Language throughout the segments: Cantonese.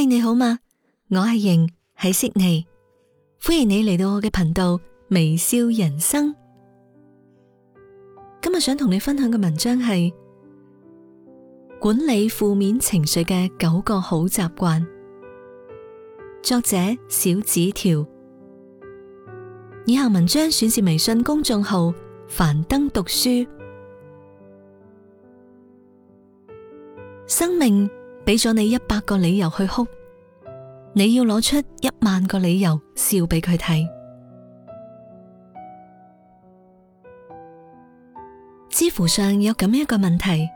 嗨，你好嘛？我係瑩，喺悉尼，歡迎你嚟到我嘅頻道微笑人生。今日想同你分享嘅文章係管理負面情緒嘅九個好習慣，作者小紙條。以下文章選自微信公衆號樊登讀書。生命俾咗你一百個理由去哭。你要攞出一萬個理由笑俾佢睇。知乎上有咁樣一個問題，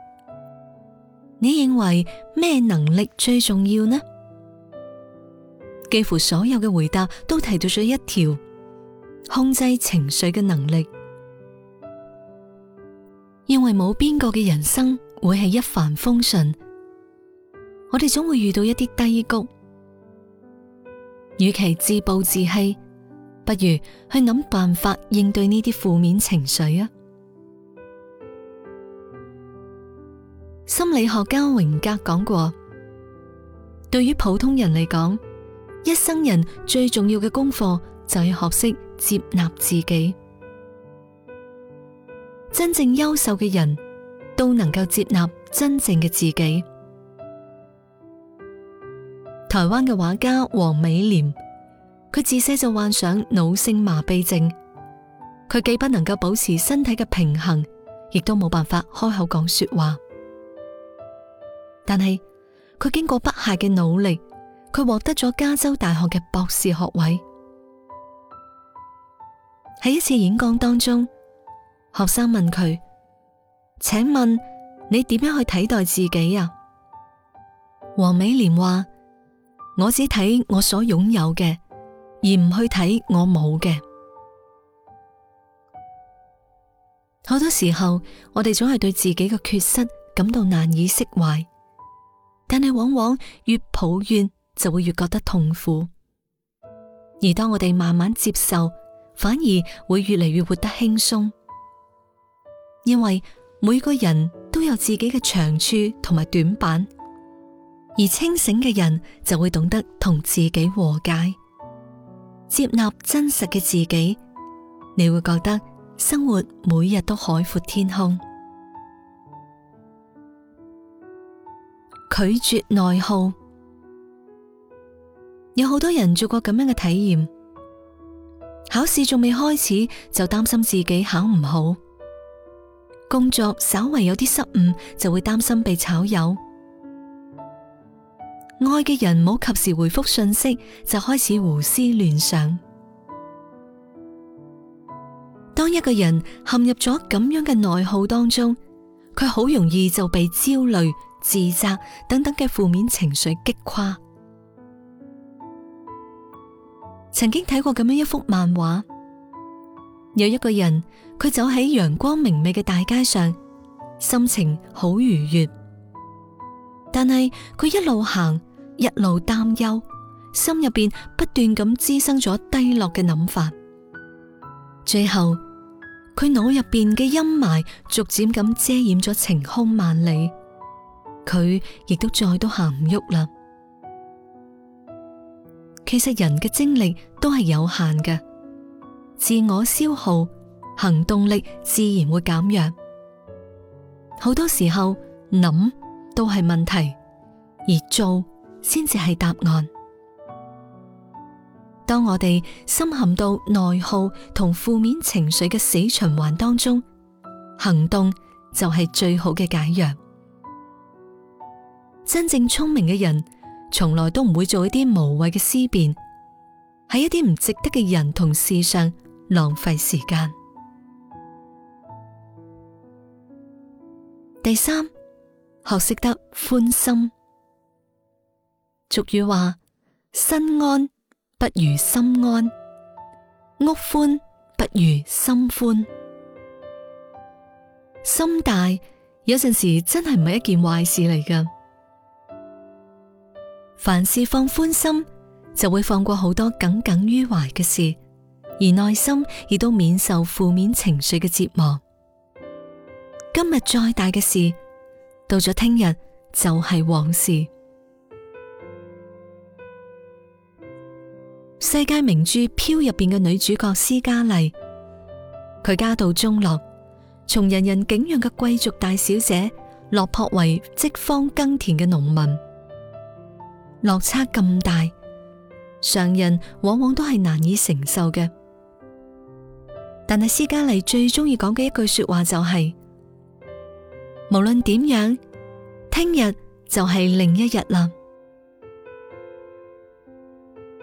你認為咩能力最重要呢？幾乎所有嘅回答都提到咗一條，控制情緒嘅能力。因為冇邊個嘅人生會係一帆風順，我哋總會遇到一啲低谷。與其自暴自棄，不如去諗辦法應對呢啲負面情緒啊！心理學家榮格講過，對於普通人嚟講，一生人最重要嘅功課就係學識接納自己。真正優秀嘅人都能夠接納真正嘅自己。台灣嘅畫家黃美廉，佢自細就患上腦性麻痹症，佢既不能夠保持身體嘅平衡，亦都冇辦法開口講說話。但係佢經過不懈嘅努力，佢獲得咗加州大學嘅博士學位。喺一次演講當中，學生問佢：請問你點樣去睇待自己啊？黃美廉話。我只睇我所擁有嘅，而唔去睇我冇嘅。好多時候，我哋總係對自己嘅缺失感到難以釋懷，但係往往越抱怨就會越覺得痛苦。而當我哋慢慢接受，反而會越嚟越活得輕鬆，因為每個人都有自己嘅長處同埋短板。而清醒嘅人就會懂得同自己和解，接納真實嘅自己，你會覺得生活每日都海闊天空。拒絕內耗，有好多人做過咁樣嘅體驗。考試仲未開始就擔心自己考唔好，工作稍微有啲失誤就會擔心被炒魷。愛嘅人冇及時回覆信息，就開始胡思亂想。當一個人陷入咗咁樣嘅內耗當中，佢好容易就被焦慮、自責等等嘅負面情緒擊垮。曾經睇過咁樣一幅漫畫，有一個人，佢走喺陽光明媚嘅大街上，心情好愉悅，但係佢一路行，一路擔憂，心入邊不斷咁滋生咗低落嘅諗法。最後，佢腦入邊嘅陰霾逐漸咁遮掩咗晴空萬里，佢亦都再都行唔喐啦。其實人嘅精力都係有限嘅，自我消耗，行動力自然會減弱。好多時候，諗都係問題，而做。先至係答案。當我哋深陷到內耗同負面情緒嘅死循環當中，行動就係最好嘅解藥。真正聰明嘅人，從來都唔會做一啲無謂嘅思辨，喺一啲唔值得嘅人同事上浪費時間。第三，學識得寬心。俗語話：身安不如心安，屋寬不如心寬。心大有陣時真係唔係一件壞事嚟噶。凡事放寬心，就會放過好多耿耿於懷嘅事，而內心亦都免受負面情緒嘅折磨。今日再大嘅事，到咗聽日就係往事。世界名著《飄》入邊嘅女主角斯嘉麗，佢家道中落，從人人景仰嘅貴族大小姐落魄為積方耕田嘅農民，落差咁大，常人往往都係難以承受嘅。但係斯嘉麗最中意講嘅一句說話就係、是：無論點樣，聽日就係另一日啦。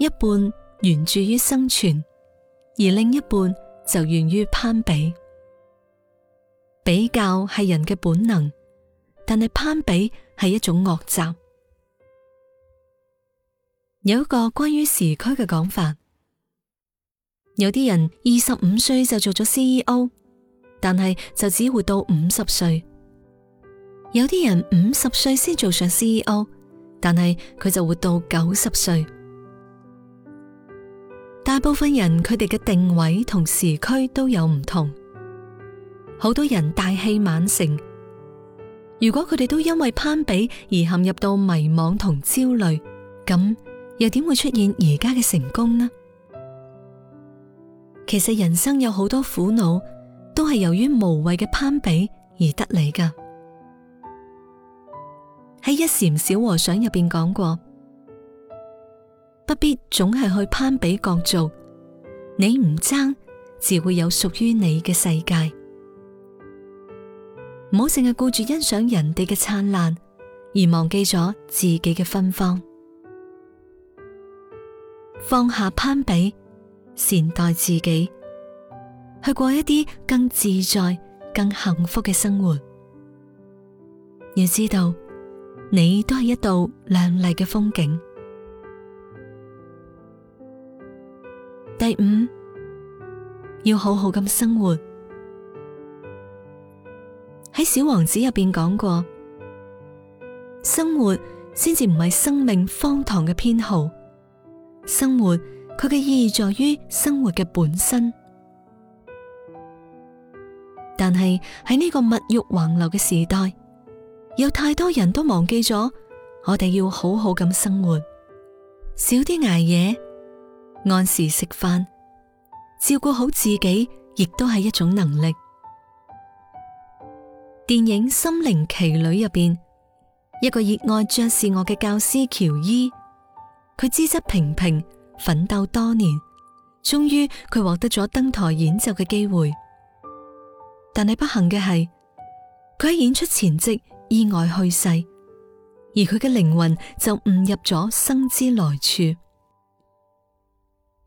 一半源自於生存，而另一半就源於攀比。比較係人嘅本能，但係攀比係一種惡習。有一個關於時區嘅講法，有啲人二十五歲就做咗 CEO，但係就只活到五十歲；有啲人五十歲先做上 CEO，但係佢就活到九十歲。大部分人佢哋嘅定位同時區都有唔同，好多人大器晚成。如果佢哋都因為攀比而陷入到迷茫同焦慮，咁又點會出現而家嘅成功呢？其實人生有好多苦惱，都係由於無謂嘅攀比而得嚟㗎。喺一禪小和尚入邊講過。不必總係去攀比角逐，你唔爭，自會有屬於你嘅世界。唔好淨係顧住欣賞人哋嘅燦爛，而忘記咗自己嘅芬芳。放下攀比，善待自己，去過一啲更自在、更幸福嘅生活。要知道，你都係一道亮麗嘅風景。五要好好咁生活，喺小王子入邊講過，生活先至唔係生命荒唐嘅偏好，生活佢嘅意義在於生活嘅本身。但係喺呢個物欲橫流嘅時代，有太多人都忘記咗，我哋要好好咁生活，少啲捱夜。按時食飯，照顧好自己，亦都係一種能力。電影《心靈奇旅》入邊，一個熱愛爵士樂嘅教師喬伊，佢資質平平，奮鬥多年，終於佢獲得咗登台演奏嘅機會。但係不幸嘅係，佢喺演出前夕意外去世，而佢嘅靈魂就誤入咗生之來處。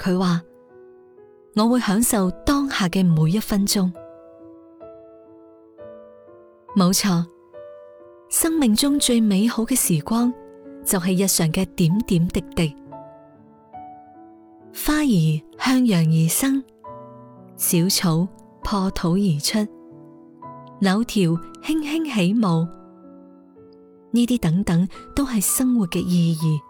佢話：我會享受當下嘅每一分鐘。冇錯，生命中最美好嘅時光就係日常嘅點點滴滴。花兒向陽而生，小草破土而出，柳條輕輕起舞，呢啲等等都係生活嘅意義。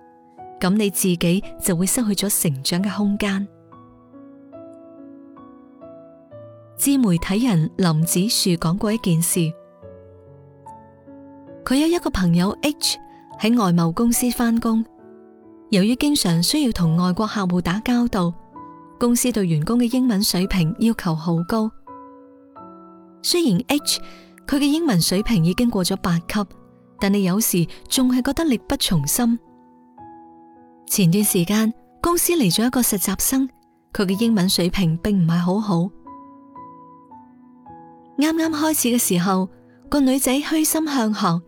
咁你自己就會失去咗成長嘅空間。自媒體人林子樹講過一件事，佢有一個朋友 H 喺外貿公司返工，由於經常需要同外國客戶打交道，公司對員工嘅英文水平要求好高。雖然 H 佢嘅英文水平已經過咗八級，但你有時仲係覺得力不從心。前段時間公司嚟咗一個實習生，佢嘅英文水平並唔係好好。啱啱開始嘅時候，個女仔虛心向學，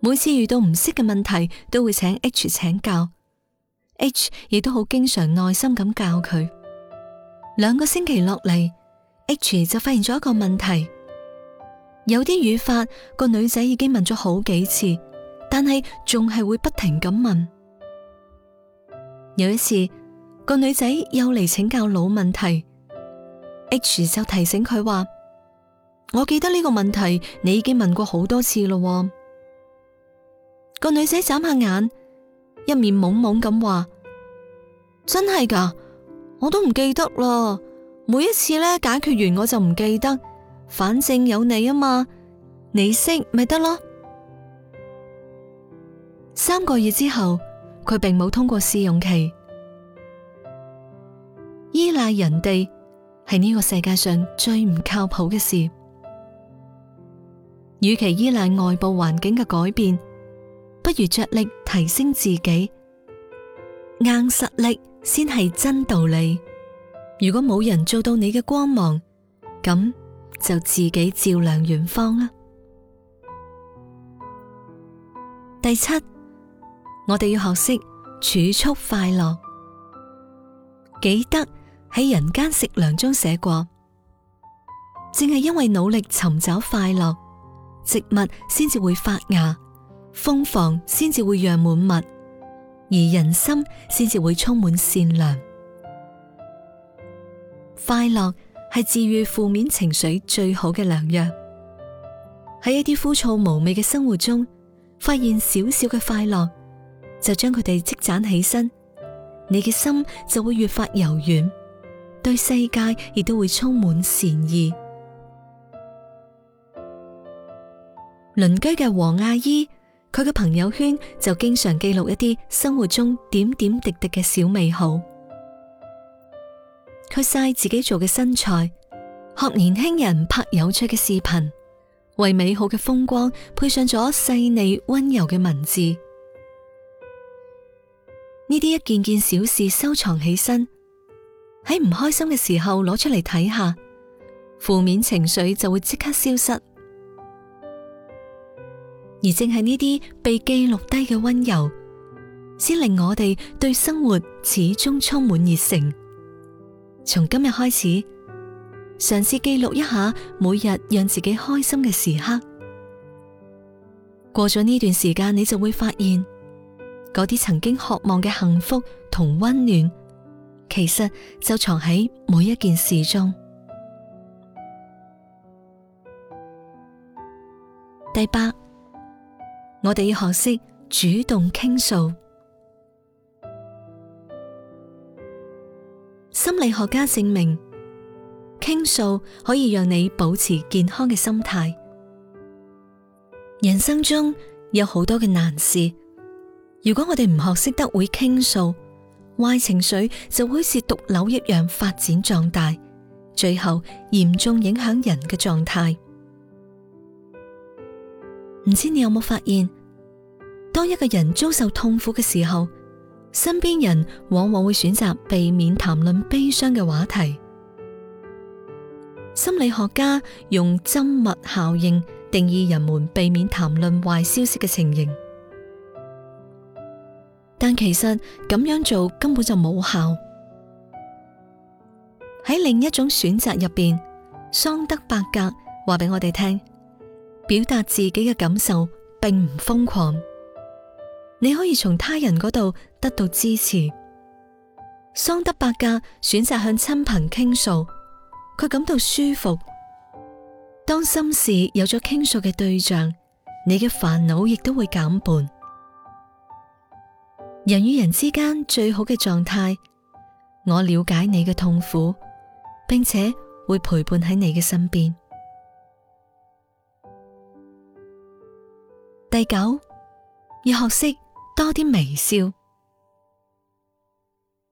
每次遇到唔識嘅問題都會請 H 請教，H 亦都好經常耐心咁教佢。兩個星期落嚟，H 就發現咗一個問題，有啲語法個女仔已經問咗好幾次，但係仲係會不停咁問。有一次，個女仔又嚟請教老問題，H 就提醒佢話：我記得呢個問題你已經問過好多次咯。個女仔眨下眼，一面懵懵咁話：真係噶，我都唔記得啦。每一次咧解決完我就唔記得，反正有你啊嘛，你識咪得咯。三個月之後。佢並冇通過試用期，依賴人哋係呢個世界上最唔靠譜嘅事。與其依賴外部環境嘅改變，不如着力提升自己，硬實力先係真道理。如果冇人做到你嘅光芒，咁就自己照亮遠方啦。第七。我哋要學識儲蓄快樂，記得喺人間食糧中寫過，正係因為努力尋找快樂，植物先至會發芽，蜂房先至會釀滿蜜，而人心先至會充滿善良。快樂係治愈負面情緒最好嘅良藥。喺一啲枯燥無味嘅生活中，發現少少嘅快樂。就將佢哋積攢起身，你嘅心就會越發柔軟，對世界亦都會充滿善意。鄰 居嘅黃阿姨，佢嘅朋友圈就經常記錄一啲生活中點點滴滴嘅小美好。佢晒自己做嘅身材、學年輕人拍有趣嘅視頻，為美好嘅風光配上咗細膩溫柔嘅文字。呢啲一件件小事收藏起身，喺唔開心嘅時候攞出嚟睇下，負面情緒就會即刻消失。而正係呢啲被記錄低嘅溫柔，先令我哋對生活始終充滿熱誠。從今日開始，嘗試記錄一下每日讓自己開心嘅時刻。過咗呢段時間，你就會發現。嗰啲曾經渴望嘅幸福同溫暖，其實就藏喺每一件事中。第八，我哋要學識主動傾訴。心理學家證明，傾訴可以讓你保持健康嘅心態。人生中有好多嘅難事。如果我哋唔學識得會傾訴，壞情緒就會似毒瘤一樣發展壯大，最後嚴重影響人嘅狀態。唔知你有冇發現，當一個人遭受痛苦嘅時候，身邊人往往會選擇避免談論悲傷嘅話題。心理學家用針密效應定義人們避免談論壞消息嘅情形。但其實咁樣做根本就冇效。喺另一種選擇入邊，桑德伯格話俾我哋聽：表達自己嘅感受並唔瘋狂，你可以從他人嗰度得到支持。桑德伯格選擇向親朋傾訴，佢感到舒服。當心事有咗傾訴嘅對象，你嘅煩惱亦都會減半。人與人之間最好嘅狀態，我了解你嘅痛苦，並且會陪伴喺你嘅身邊。第九，要學識多啲微笑。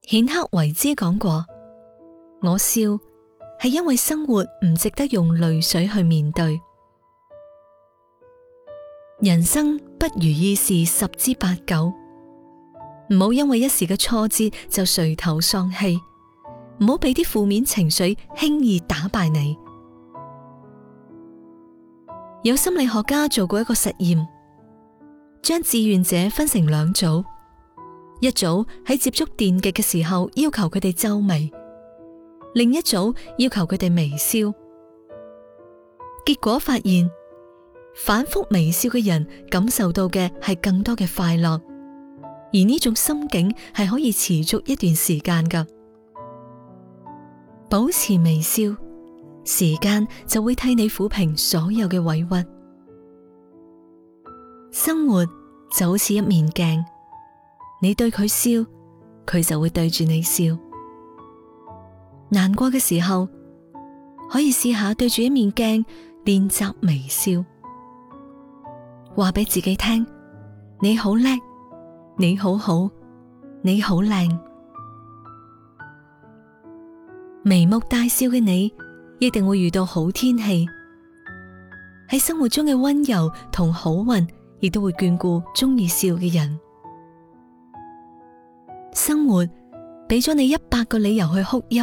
顯克維茲講過：我笑係因為生活唔值得用淚水去面對。人生不如意事十之八九。唔好因為一時嘅挫折就垂頭喪氣，唔好俾啲負面情緒輕易打敗你。有心理學家做過一個實驗，將志願者分成兩組，一組喺接觸電極嘅時候要求佢哋皺眉，另一組要求佢哋微笑。結果發現，反復微笑嘅人感受到嘅係更多嘅快樂。而呢種心境係可以持續一段時間噶，保持微笑，時間就會替你撫平所有嘅委屈。生活就好似一面鏡，你對佢笑，佢就會對住你笑。難過嘅時候，可以試下對住一面鏡，練習微笑，話俾自己聽：你好叻。你好好，你好靚，眉目帶笑嘅你，一定會遇到好天氣。喺生活中嘅溫柔同好運，亦都會眷顧鍾意笑嘅人。生活俾咗你一百個理由去哭泣，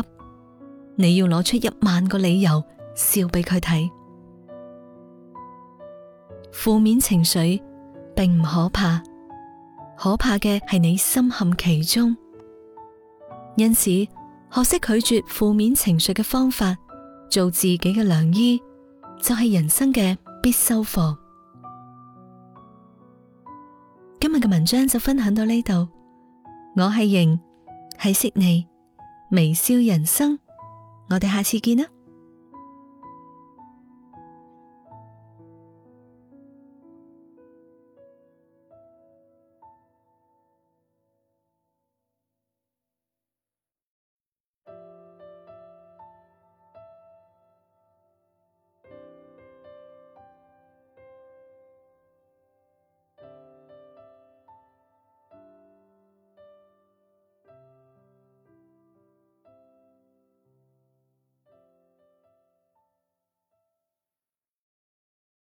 你要攞出一萬個理由笑俾佢睇。負面情緒並唔可怕。可怕嘅係你深陷其中，因此學識拒絕負面情緒嘅方法，做自己嘅良醫，就係人生嘅必修課。今日嘅文章就分享到呢度，我係瑩，係識你微笑人生，我哋下次見啦。